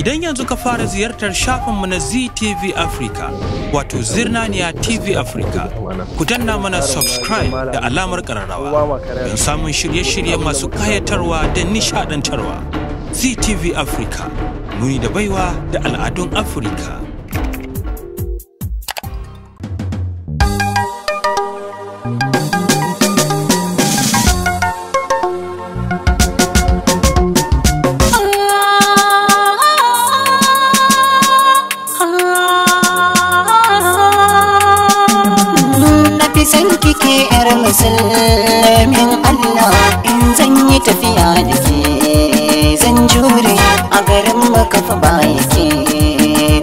Idan yanzu ka fara ziyartar shafinmu na ZTV Africa, wato Zirnaniya TV Africa, ku danna mana subscribe da alamar kararrawa don samun shirye-shirye masu kayatarwa da nishadantarwa. ZTV Africa, muni da baiwa da al'adun Africa. ke yar musulmin Allah in zan yi tafiya da ke zan jure a garin makafa ba yake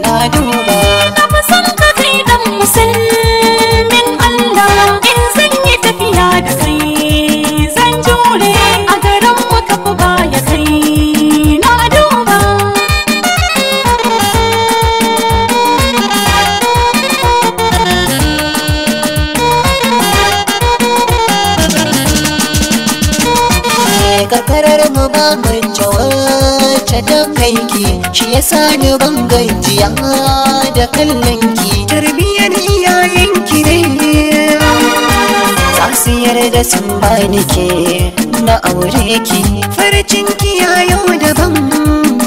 na duba daga karar mu ba wacce ta kaiki shi yasa ni ban gajiya da kallon ki tarbiyyar iyayen ki ne za su yarda sun ke na aure ki farcin ki yau daban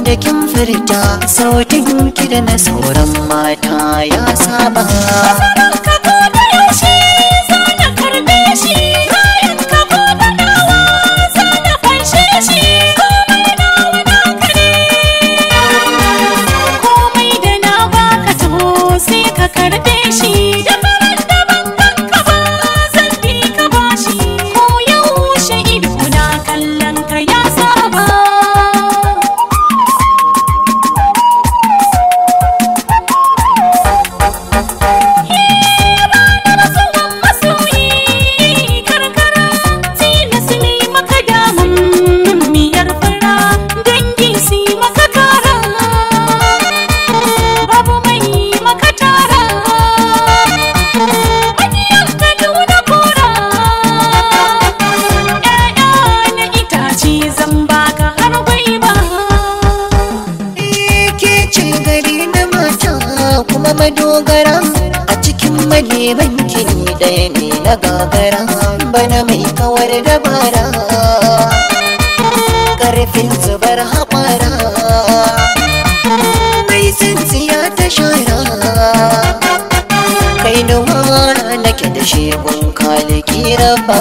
da kin furta sautin ki da na sauran mata ya saba zama madogara a cikin maleban kini ɗaya ne na gagara bana mai kawar dabara ƙarfin zubar haɓara mai tsintsiya ta shara kai da wara nake da shegun kalikira ba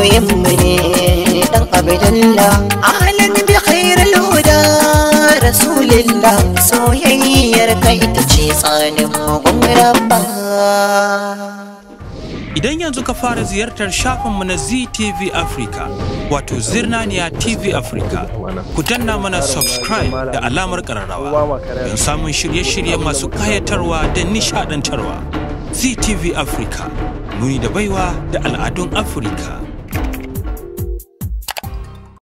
masoyin mu ne dan abdullah rasulillah soyayyar ce Idan yanzu ka fara ziyartar shafinmu na ZTV Africa, wato Zirnaniya TV Africa, ku danna mana subscribe da alamar kararrawa don samun shirye-shirye masu kayatarwa da nishadantarwa. ZTV Africa, muni da baiwa da al'adun Africa.